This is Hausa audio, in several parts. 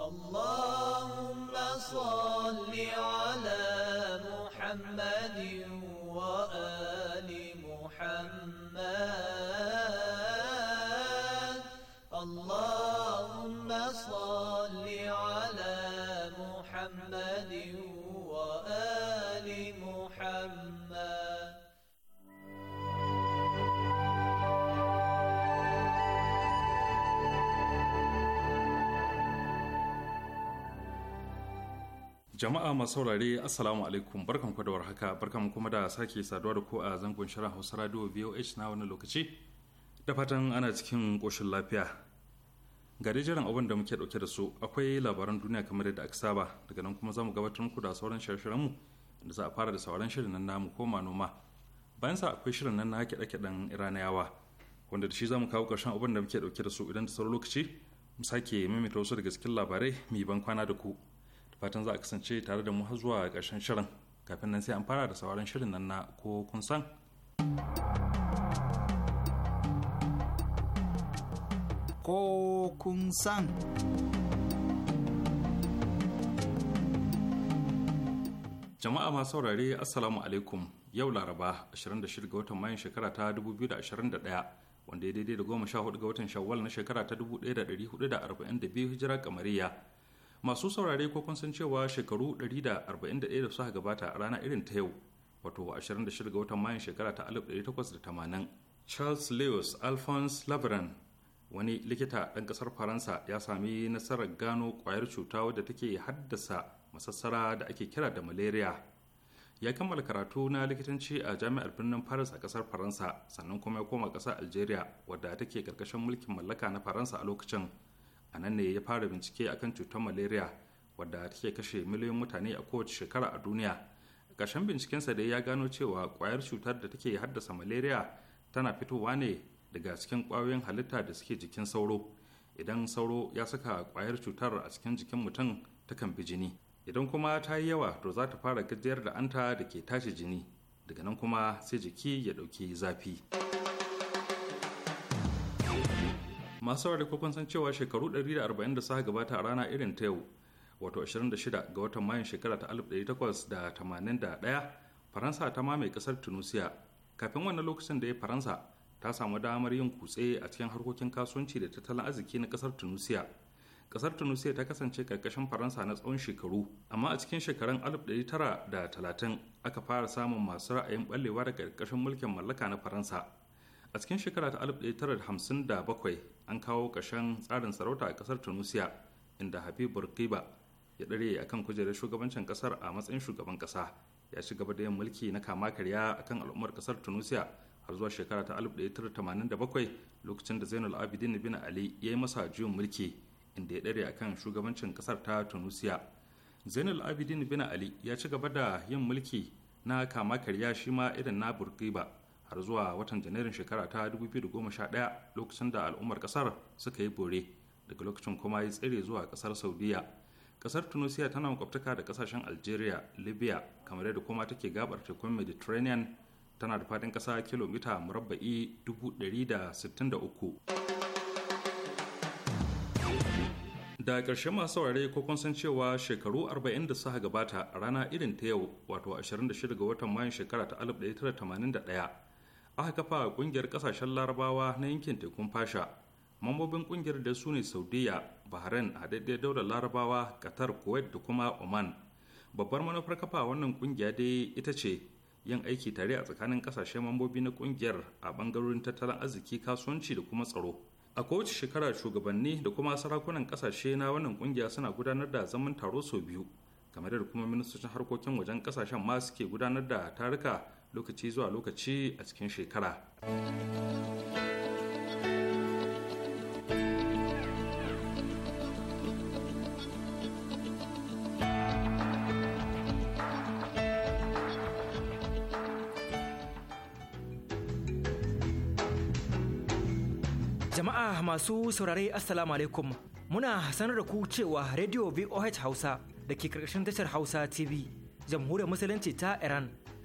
اللهم صل على محمد وآل محمد jama'a masu saurare assalamu alaikum barkan ku da warhaka barkan kuma da sake saduwa da ku a zangon shirin hausa radio voh na wani lokaci da fatan ana cikin koshin lafiya ga jiran abin da muke dauke da su akwai labaran duniya kamar yadda aka saba daga nan kuma za mu gabatar muku da sauran shirye mu da za a fara da sauran shirin nan namu ma noma bayan sa akwai shirin nan na kiɗe-kiɗen iraniyawa wanda da shi za mu kawo ƙarshen abin da muke dauke da su idan da sauran lokaci mu sake maimaita wasu daga cikin labarai mai ban kwana da ku fatan za a kasance tare da mu har zuwa ƙarshen shirin kafin nan sai an fara da sauran shirin nan na ko kun san ko kun san jama'a ma saurare assalamu alaikum yau laraba 26 ga watan mayan shekara ta 2021 wanda ya daidai da goma sha hudu ga watan shawwal na shekara ta 1442 hijira kamariya masu saurare ko kun san cewa shekaru 141 da suka gabata a rana irin ta yau wato 26 ga watan mayun shekara ta 1880 charles lewis alphonse labran wani likita ɗan ƙasar faransa ya sami nasarar gano ƙwayar cuta wadda take haddasa masassara da ake kira da malaria ya kammala karatu na likitanci a jami'ar birnin paris a ƙasar faransa sannan kuma ya koma ƙasar algeria wadda take ƙarƙashin mulkin mallaka na faransa a lokacin a nan ne ya fara bincike akan cutar malaria wadda take kashe miliyoyin mutane a kowace shekara a duniya ƙarshen bincikensa dai ya gano cewa ƙwayar cutar da take haddasa malaria tana fitowa ne daga cikin ƙwayoyin halitta da suke jikin sauro idan sauro ya saka ƙwayar cutar a cikin jikin mutum takan bi jini idan kuma ta yi yawa to za ta fara gajiyar da anta da ke tashi jini daga nan kuma sai jiki ya ɗauki zafi. masu ware kun san cewa shekaru 140 da suka gabata a rana irin ta yau wato 26 ga watan mayun shekara ta 1881 faransa ta mamaye kasar tunisia kafin wannan lokacin da ya faransa ta samu damar yin kutse a cikin harkokin kasuwanci da tattalin arziki na kasar tunisia kasar tunisia ta kasance karkashin faransa na tsawon shekaru amma a cikin shekarun 1930 aka fara samun masu ra'ayin ballewa da karkashin mulkin mallaka na faransa a cikin shekara ta 1957 an kawo ƙarshen tsarin sarauta a ƙasar tunisia inda habib burkiba ya ɗare a kan kujerar shugabancin ƙasar a matsayin shugaban ƙasa ya ci gaba da yin mulki na kama karya a kan al'ummar ƙasar tunisia har zuwa shekara ta 1987 lokacin da zainul abidin bin ali ya yi masa juyin mulki inda ya ɗare a kan shugabancin ƙasar ta tunisia zainul abidin bin ali ya ci gaba da yin mulki na kama karya shi ma irin na burkiba har zuwa watan janairun shekara ta 2011 lokacin da al'ummar kasar suka yi bore daga lokacin kuma ya tsere zuwa kasar saudiya kasar tunisia tana makwabtaka da kasashen algeria libya kamar yadda kuma take gabar tekun mediterranean tana da fadin ƙasa kilomita murabba'i 163 da ƙarshe masu saurare ko kun san cewa shekaru 40 da suka gabata rana irin ta yau wato 26 ga watan mayun shekara ta aka kafa kungiyar kasashen larabawa na yankin tekun fasha mambobin kungiyar da su ne saudiya bahrain daidai daura larabawa qatar kuwait da kuma oman babbar manufar kafa wannan kungiya dai ita ce yin aiki tare a tsakanin kasashen mambobi na kungiyar a bangarorin tattalin arziki kasuwanci da kuma tsaro a kowace shekara shugabanni da kuma sarakunan kasashe na wannan kungiya suna gudanar da zaman taro sau biyu kamar da kuma ministocin harkokin wajen kasashen ma suke gudanar da taruka lokaci zuwa lokaci a cikin shekara. Jama'a masu saurare Assalamu alaikum muna sanar da ku cewa Radio VOH Hausa da ke karkashin tashar Hausa TV jamhuriyar musulunci ta Iran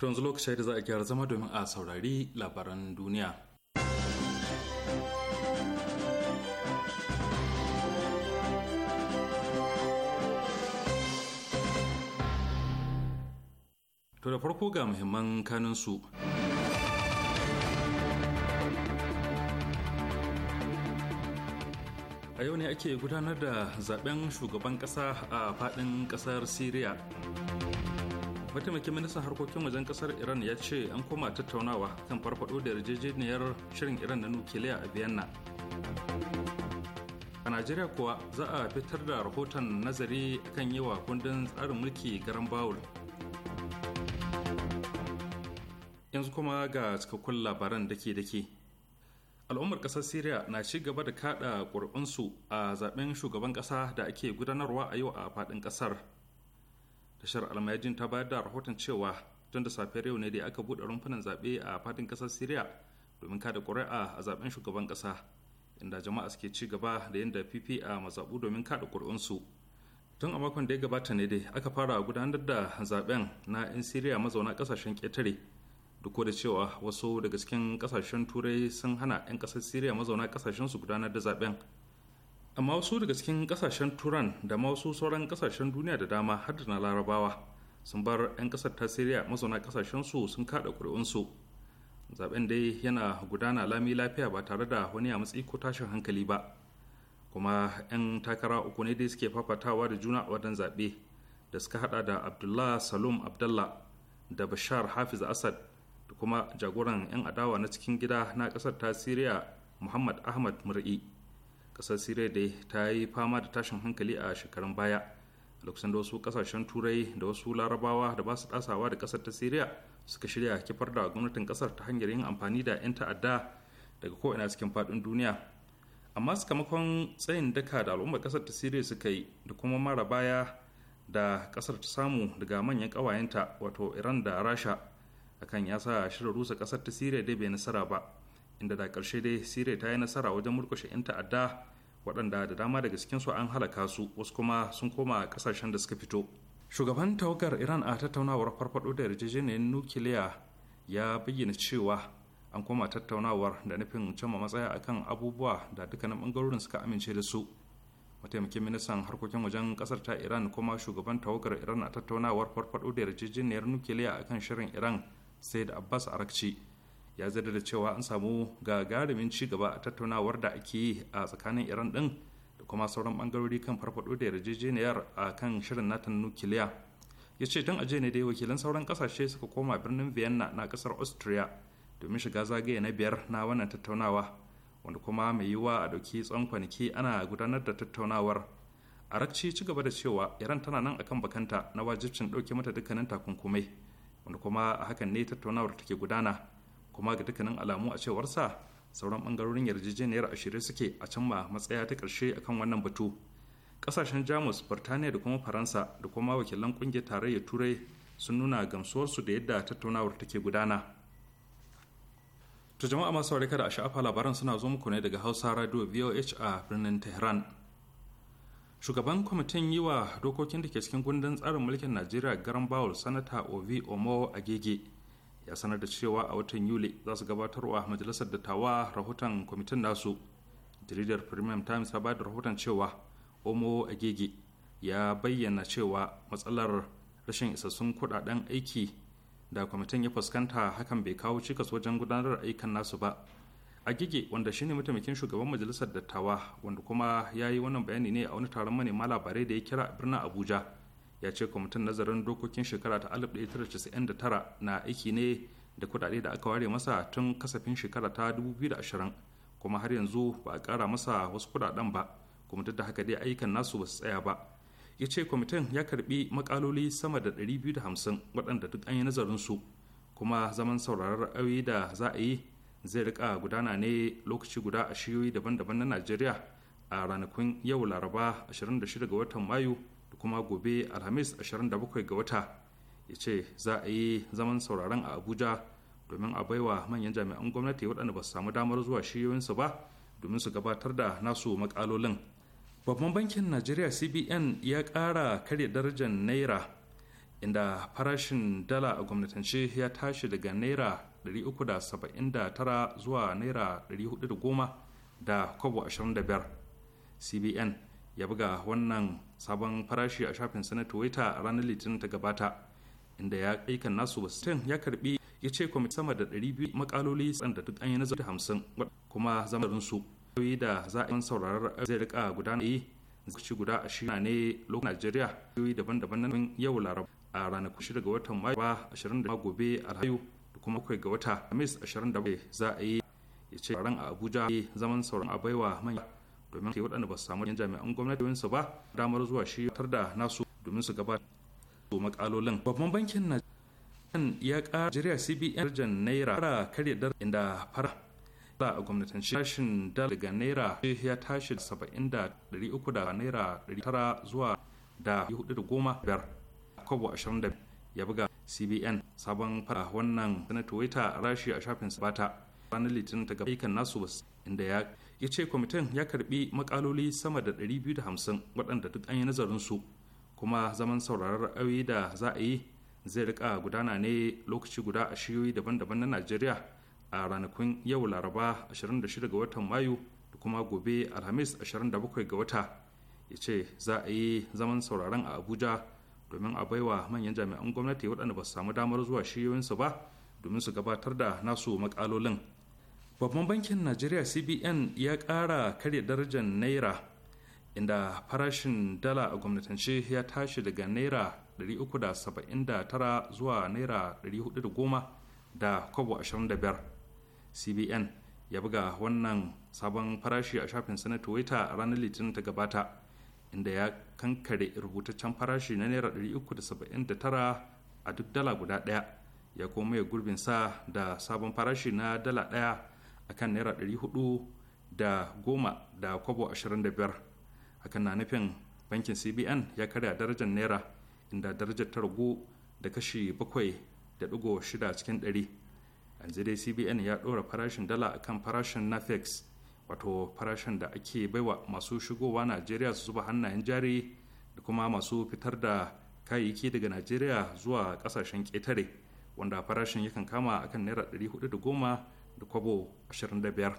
To yanzu lokacin da za a gyara zama domin a saurari labaran duniya. To da farko ga muhimman kaninsu. A yau ne ake gudanar da zaben shugaban ƙasa a faɗin ƙasar Siriya. mataimakin ministan harkokin wajen kasar iran ya ce an koma tattaunawa kan farfado da yarjejeniyar shirin iran na nukiliya a vienna a najeriya kuwa za a fitar da rahoton nazari kan yi wa kundin tsarin mulki garan bawul yanzu kuma ga cikakkun labaran dake-dake al'ummar kasar syria na ci gaba da kada su a zaben shugaban kasa da ake gudanarwa a yau a faɗin kasar. tashar almayajin ta bayar da rahoton cewa tun da safiyar yau ne da aka buɗe rumfunan zaɓe a fadin ƙasar syria domin kada ƙuri'a a zaben shugaban ƙasa inda jama'a suke ci gaba da yin da fifi a mazaɓu domin kada ƙuri'unsu tun a makon da ya gabata ne dai aka fara gudanar da zaben na 'yan syria mazauna ƙasashen ƙetare duk da cewa wasu daga cikin ƙasashen turai sun hana 'yan ƙasar syria mazauna ƙasashen su gudanar da zaben amma wasu daga cikin kasashen turan da ma wasu sauran kasashen duniya da dama har da na larabawa sun bar 'yan kasar ta siriya mazauna kasashen su sun kada su zaben dai yana gudana lami lafiya ba tare da wani a matsayi ko tashin hankali ba kuma 'yan takara uku ne dai suke fafatawa da juna a wadan zaɓe da suka hada da abdullah salum abdullah da bashar hafiz asad da kuma jagoran 'yan adawa na cikin gida na kasar ta siriya muhammad ahmad mur'i kasar siriya dai ta yi fama da tashin hankali a shekarun baya lokacin da wasu kasashen turai da wasu larabawa da ba su tasawa da kasar ta siriya suka shirya kifar da gwamnatin kasar ta hanyar yin amfani da 'yan ta'adda daga ko'ina cikin faɗin duniya amma sakamakon tsayin daka da al'ummar kasar ta siriya suka yi da kuma mara baya da kasar ta samu daga manyan ƙawayenta wato iran da rasha akan ya sa shirin rusa kasar ta siriya dai bai nasara ba inda da ƙarshe dai siriya ta yi nasara wajen murkushe 'yan ta'adda waɗanda da dama daga cikin su an halaka su wasu kuma sun koma ƙasashen da suka fito shugaban tawagar iran a tattaunawar farfado da yarjejeniyar nukiliya ya bayyana cewa an koma tattaunawar da nufin cimma matsaya akan abubuwa da dukkanin bangarorin suka amince da su mataimakin ministan harkokin wajen kasar ta iran kuma shugaban tawagar iran a tattaunawar farfado da yarjejeniyar nukiliya akan shirin iran sai da abbas arakci ya zada da cewa an samu gagarumin ci gaba a tattaunawar da ake yi a tsakanin iran din da kuma sauran bangarori kan farfado da yarjejeniyar a kan shirin natan nukiliya ya ce tun aje ne dai wakilan sauran kasashe suka koma birnin vienna na kasar austria domin shiga zagaye na biyar na wannan tattaunawa wanda kuma mai yiwuwa a dauki tsawon kwanaki ana gudanar da tattaunawar arakci ci gaba da cewa iran tana nan akan bakanta na wajibcin dauke mata dukkanin takunkumai wanda kuma a hakan ne tattaunawar take gudana kuma ga dukkanin alamu a sa sauran bangarorin yarjejeniyar a shirye suke a can ma matsaya ta karshe akan wannan batu kasashen jamus birtaniya da kuma faransa da kuma wakilan kungiyar tarayyar turai sun nuna gamsuwarsu da yadda tattaunawar take gudana ta jama'a masu kada a sha'afa labaran suna zo muku ne daga hausa radio voh a birnin tehran shugaban kwamitin yi wa dokokin da ke cikin gundun tsarin mulkin najeriya garan bawul sanata ovi omo agege ya sanar da cewa a watan yuli za su gabatar wa majalisar dattawa rahoton kwamitin nasu jaridar premium times ta ba da rahoton cewa omo agege ya bayyana cewa matsalar rashin isassun kudaden aiki da kwamitin ya fuskanta hakan bai kawo cikas wajen gudanar aikan nasu ba agege wanda shine mataimakin shugaban majalisar dattawa wanda kuma ya yi wannan bayani ne a wani taron manema labarai da ya kira birnin abuja ya ce kwamitin nazarin dokokin shekara ta 1999 na aiki ne da kudade da aka ware masa tun kasafin shekara ta 2020 kuma har yanzu ba a kara masa wasu kudaden ba kuma duk da haka dai ayyukan nasu ba su tsaya ba ya ce kwamitin ya karbi makaloli sama da 250 waɗanda duk an yi nazarin su kuma zaman sauraron ra'ayoyi da za a yi zai rika gudana ne lokaci guda a shiyoyi daban-daban na najeriya a ranakun yau laraba 26 ga watan mayu kuma gobe alhamis 27 ga wata ya ce za a yi zaman sauraron a abuja domin a baiwa manyan jami'an gwamnati waɗanda ba su samu damar zuwa shiyoyinsu ba domin su gabatar da nasu makalolin babban bankin najeriya cbn ya ƙara karya darajar naira inda farashin dala a gwamnatance ya tashi daga naira 379 zuwa naira 410 da kwabo 25 cbn ya buga wannan sabon farashi a shafin sa na twitter a ranar litinin ta gabata inda ya aikan nasu bastin ya karbi ya ce kwamiti sama da 200 makaloli da duk an yi nazari hamsin kuma zamarin su yi da za a yi sauraron zai rika gudana yi eh, zai guda ashirin ne lokacin najeriya yoyi daban-daban na yau laraba a ranakun shida ga watan mayu ba 20 gobe alhayu da kuma kai ga wata amis 27 za a yi ya ce a abuja eh, zaman sauran a baiwa manya domin ke waɗanda ba su samu jami'an gwamnati su ba damar zuwa shi tar da nasu domin su gaba su makalolin babban bankin na ya ƙara jiriya cbn darajar naira fara karya dar inda fara da a gwamnatin tashin dal daga naira ya tashi da. saba'in da ɗari uku da naira ɗari tara zuwa da hudu da goma biyar kobo ashirin da ya buga cbn sabon fara wannan sanatowaita rashi a shafin sabata ranar litinin ta gaba ikan nasu inda ya ya ce kwamitin ya karbi makaloli sama da 250 waɗanda duk an yi nazarin su kuma zaman sauraron ra'ayoyi da za a yi zai rika gudana ne lokaci guda a shiyoyi daban-daban na najeriya a ranakun yau laraba 26 ga watan mayu da kuma gobe alhamis 27 ga wata ya ce za a yi zaman sauraron a abuja domin a baiwa manyan jami'an gwamnati waɗanda ba su samu damar zuwa shiyoyinsu ba domin su gabatar da nasu makalolin babban bankin najeriya cbn ya ƙara karya darajar naira inda farashin dala a gwamnatance ya tashi daga naira 379 zuwa naira 410 da kwabo 25 cbn ya buga wannan sabon farashi a shafin na a ranar litinin ta gabata inda ya kankare rubutaccen farashi na naira 379 a duk dala guda daya ya kuma gurbin sa da sabon farashi na dala daya akan naira ɗari hudu da goma da kwabo ashirin da biyar hakan na nufin bankin cbn ya karya darajar naira inda darajar ta ragu da kashi bakwai da digo shida cikin ɗari yanzu dai cbn ya ɗora farashin dala akan farashin nafex wato farashin da ake baiwa masu shigowa najeriya su zuba hannayen jari da kuma masu fitar da kayayyaki daga najeriya zuwa ƙasashen ƙetare wanda farashin yakan kama akan naira hudu da goma. da kwabo 25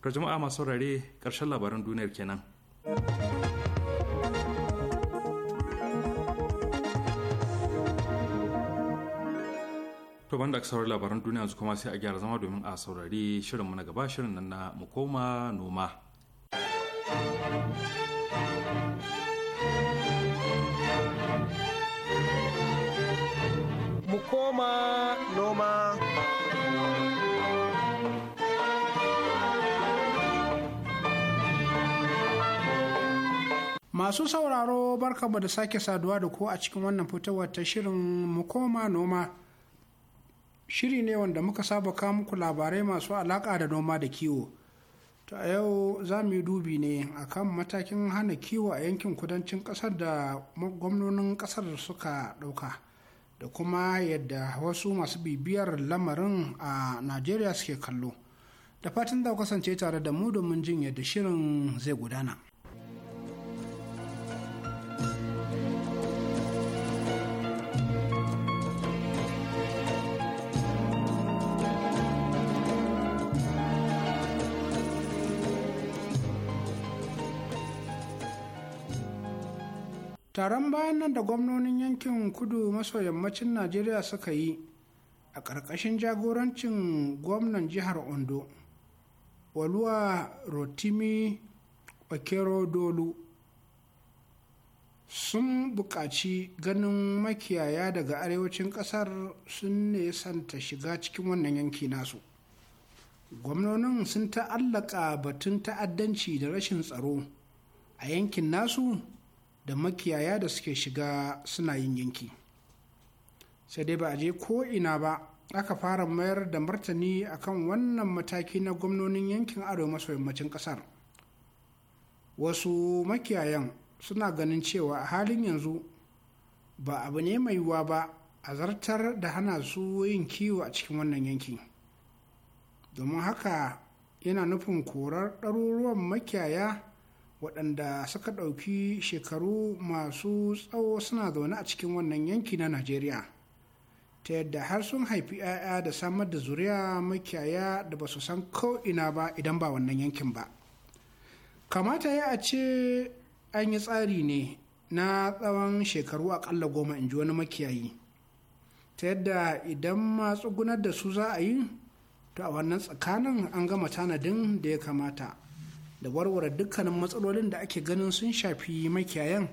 to jama'a masu rare ƙarshen labaran duniyar kenan to banda aka saurari labaran duniya su kuma sai a gyara zama domin a saurari shirinmu na gaba shirin nan na mu koma noma mu noma Masu sauraro barkamu da sake saduwa da ku a cikin wannan fitowar ta shirin mukoma noma. Shiri ne wanda muka saba kawo muku labarai masu alaƙa da noma da kiwo. ta yau za mu yi dubi ne a kan matakin hana kiwo a yankin kudancin ƙasar da gwamnonin ƙasar suka ɗauka da kuma yadda wasu masu bibiyar lamarin a Najeriya suke kallo. Da fatan za kasance tare da mu domin jin yadda shirin zai gudana. taron bayan nan da gwamnonin yankin kudu maso yammacin najeriya suka yi a ƙarƙashin jagorancin gwamnan jihar ondo waluwa rotimi okero dolu sun buƙaci ganin makiyaya daga arewacin ƙasar sun nesanta shiga cikin wannan yanki nasu gwamnonin sun ta'allaka batun ta'addanci da rashin tsaro a yankin nasu da makiyaya da suke shiga suna yin yanki sai dai ba a je ko ina ba aka fara mayar da martani akan wannan mataki na gwamnonin yankin arewa maso yammacin kasar wasu makiyayan suna ganin cewa a halin yanzu ba abu ne mai yiwuwa ba a zartar da hana su yin kiwo a cikin wannan yanki domin haka yana nufin korar ɗaruruwan makiyaya waɗanda suka ɗauki shekaru masu tsawo suna zaune a cikin wannan yanki na najeriya ta yadda har sun haifi 'ya'ya da samar da zuriya makiyaya da ba su san ko'ina ba idan ba wannan yankin ba kamata ya a ce an yi tsari ne na tsawon shekaru aƙalla goma in ji wani makiyayi ta yadda idan ma tsugunar da su za a yi to a wannan tsakanin an gama tanadin da ya kamata da warware dukkanin matsalolin da ake ganin sun shafi makiyayan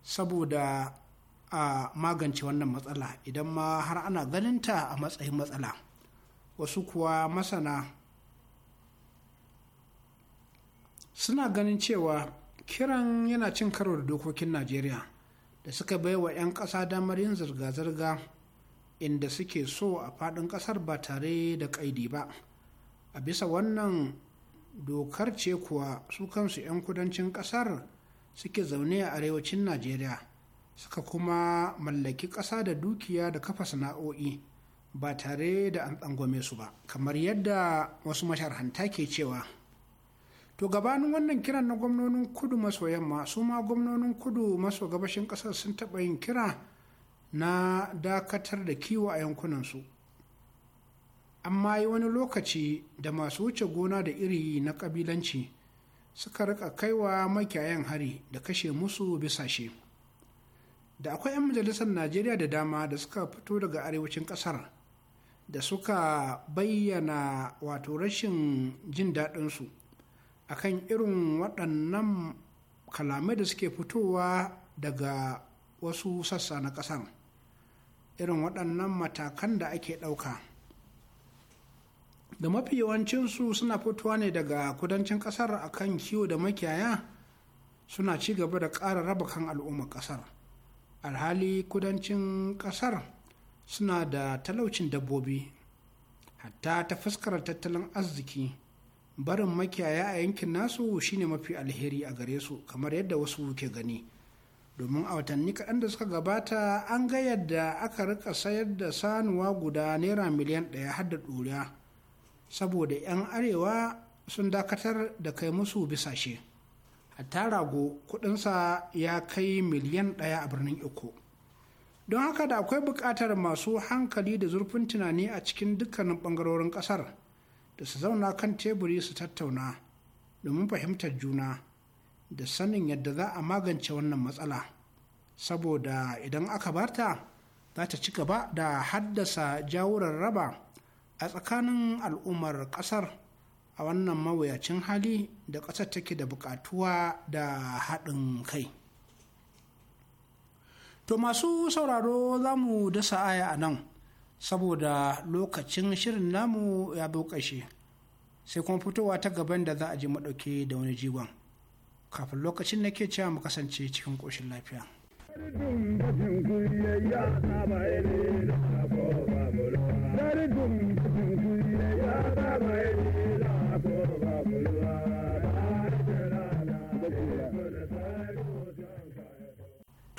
saboda a magance wannan matsala idan ma har ana ganinta a matsayin matsala wasu kuwa masana suna ganin cewa kiran yana cin karo da dokokin najeriya da suka bai wa 'yan ƙasa damar yin zirga-zirga inda suke so a faɗin ƙasar ba tare da ƙaidi ba a bisa wannan dokar ce kuwa su kansu 'yan kudancin kasar suke zaune a arewacin najeriya suka kuma mallaki ƙasa da dukiya da kafa sana'o'i ba tare da an tsangwame su ba kamar yadda wasu masharhanta ke cewa to gabanin wannan kiran na gwamnonin kudu maso yamma su ma gwamnonin kudu maso gabashin ƙasar sun taɓa yin kira na dakatar da kiwo a yankunansu amma yi wani lokaci da masu wuce gona da iri na ƙabilanci suka rika kaiwa makiyayan hari da kashe musu bisa shi, da akwai 'yan majalisar najeriya da dama da suka fito daga arewacin ƙasar da suka bayyana wato rashin jin daɗinsu kan irin waɗannan kalamai da suke fitowa daga wasu sassa na ƙasar irin waɗannan matakan da ake ɗauka. da mafi yawancinsu suna fitowa ne daga kudancin kasar akan kiwo da makiyaya suna ci gaba da ƙara raba kan al'ummar kasar alhali kudancin kasar suna da talaucin dabbobi hatta ta fuskar tattalin arziki barin makiyaya a yankin nasu shine mafi alheri a gare su kamar yadda wasu ke gani domin a watanni kaɗan da suka gabata an ga yadda aka rika sayar da sanuwa guda naira miliyan ɗaya har da ɗuriya saboda 'yan arewa sun dakatar da kai musu bisa bisashe hatta rago kudinsa ya kai miliyan ɗaya a birnin iko don haka da akwai buƙatar masu hankali da zurfin tunani a cikin dukkanin ɓangarorin ƙasar da su zauna kan teburi su tattauna domin fahimtar juna da sanin yadda za a magance wannan matsala saboda idan aka barta za ta ci gaba da haddasa jawurar raba a tsakanin al'ummar ƙasar a wannan mawuyacin hali da ƙasar take da buƙatuwa da haɗin kai to masu sauraro za mu dasa aya a nan saboda lokacin shirin namu ya ƙashe sai kuma fitowa ta gaban da za a ji maɗauke da wani jigon kafin lokacin nake cewa mu kasance cikin ƙoshin lafiya. Dari dum To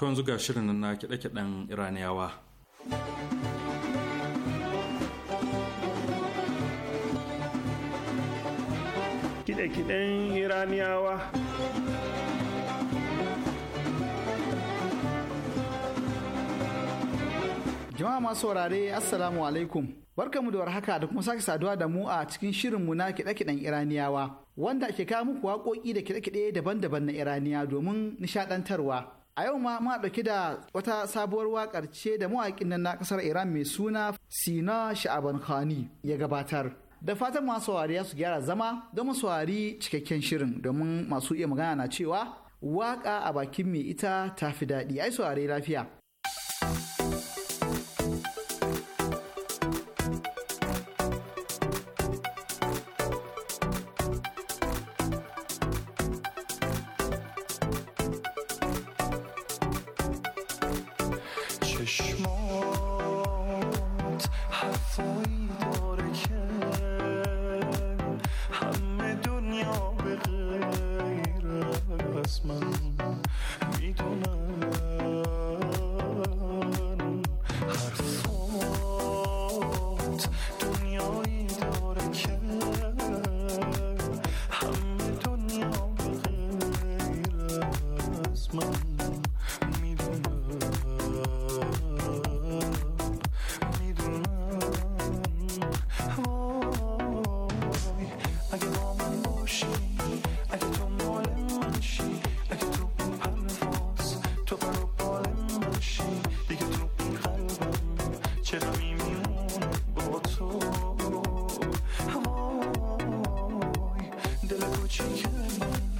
yanzu ga shirin na kiɗe-kiɗen Iraniyawa. Kiɗe-kiɗen Iraniyawa. jama'a masu saurare assalamu alaikum barkamu da warhaka da kuma sake saduwa da mu a cikin shirinmu na kiɗe-kiɗen iraniyawa wanda ke kawo muku waƙoƙi da kiɗe-kiɗe daban-daban na iraniya domin nishaɗantarwa a yau ma muna ɗauki da wata sabuwar wakar ce da mawaƙin nan na ƙasar iran mai suna sina sha'aban khani ya gabatar da fatan masu saurari su gyara zama don masu saurari cikakken shirin domin masu iya magana na cewa waƙa a bakin mai ita ta fi daɗi ai saurari lafiya Geschmack. Come you?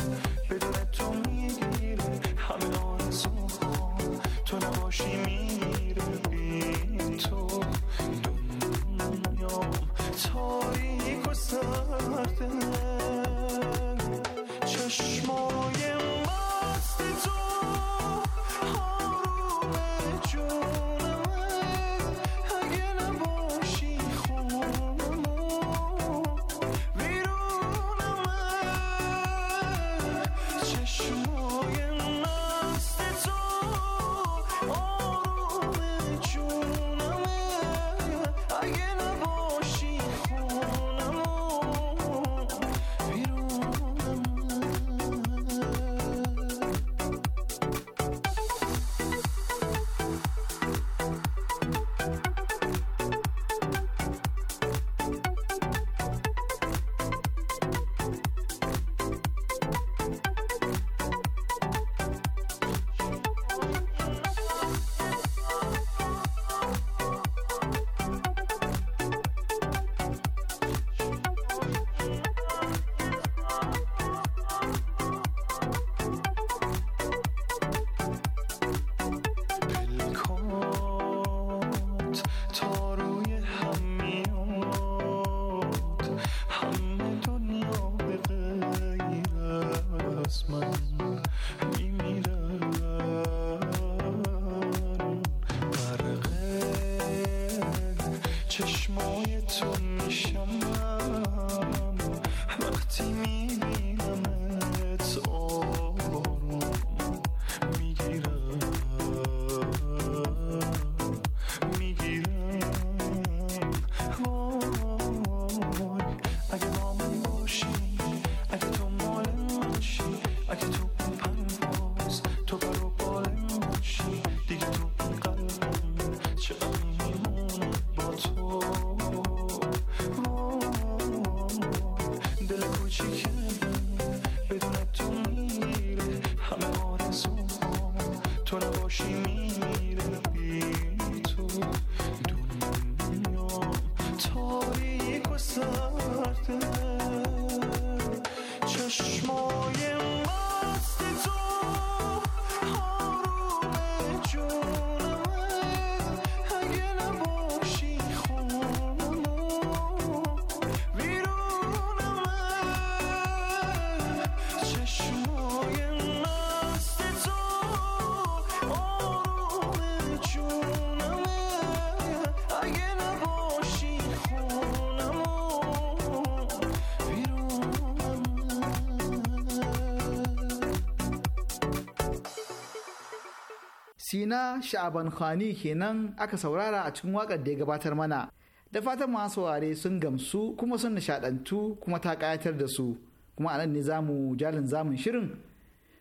sina sha'aban khani kenan aka saurara a cikin wakar da ya gabatar mana da fatan masu saurare sun gamsu kuma sun nishadantu kuma ta kayatar da su kuma anan ne zamu jalin zamun shirin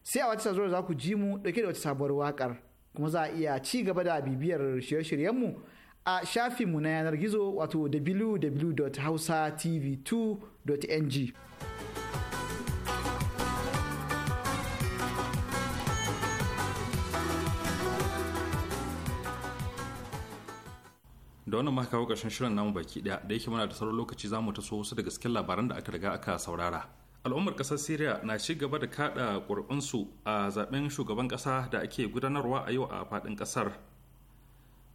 sai a wata sazuwar za ku ji mu dauke da wata sabuwar wakar kuma za a iya ci gaba da bibiyar shirye-shiryenmu a shafinmu na yanar gizo wato www.hausatv2.ng da wannan maka kawo ƙarshen shirin namu baki ɗaya da yake muna da sauran lokaci za mu taso wasu da cikin labaran da aka riga aka saurara al'ummar ƙasar syria na ci gaba da kaɗa su a zaɓen shugaban ƙasa da ake gudanarwa a yau a faɗin ƙasar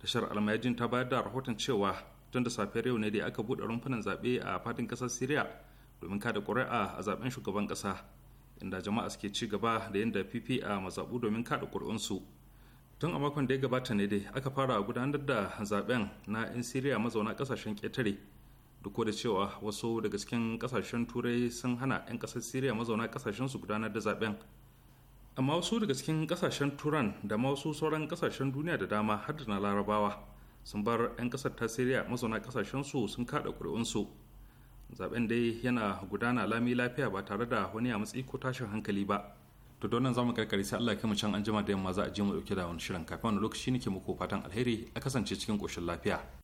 tashar almayajin ta bayar da rahoton cewa tun da safiyar yau ne da aka buɗe rumfunan zaɓe a faɗin ƙasar syria domin kada ƙuri'a a zaɓen shugaban ƙasa inda jama'a suke ci gaba da yin da fifi a mazaɓu domin kaɗa su. tun a makon da ya gabata ne dai aka fara gudanar da zaben na 'yan siriya mazauna kasashen ketare duk da cewa wasu daga cikin kasashen turai sun hana 'yan ƙasar siriya mazauna kasashen su gudanar da zaben amma wasu daga cikin kasashen turan da ma wasu sauran kasashen duniya da dama har da na larabawa sun bar 'yan ƙasar ta siriya mazauna kasashen su sun kada su. zaben dai yana gudana lami lafiya ba tare da wani a matsi ko tashin hankali ba to don nan zamu karkare sai Allah ya kai can anjima da yamma za a je mu dauke da wani shirin kafin wani lokaci nake muku fatan alheri a kasance cikin koshin lafiya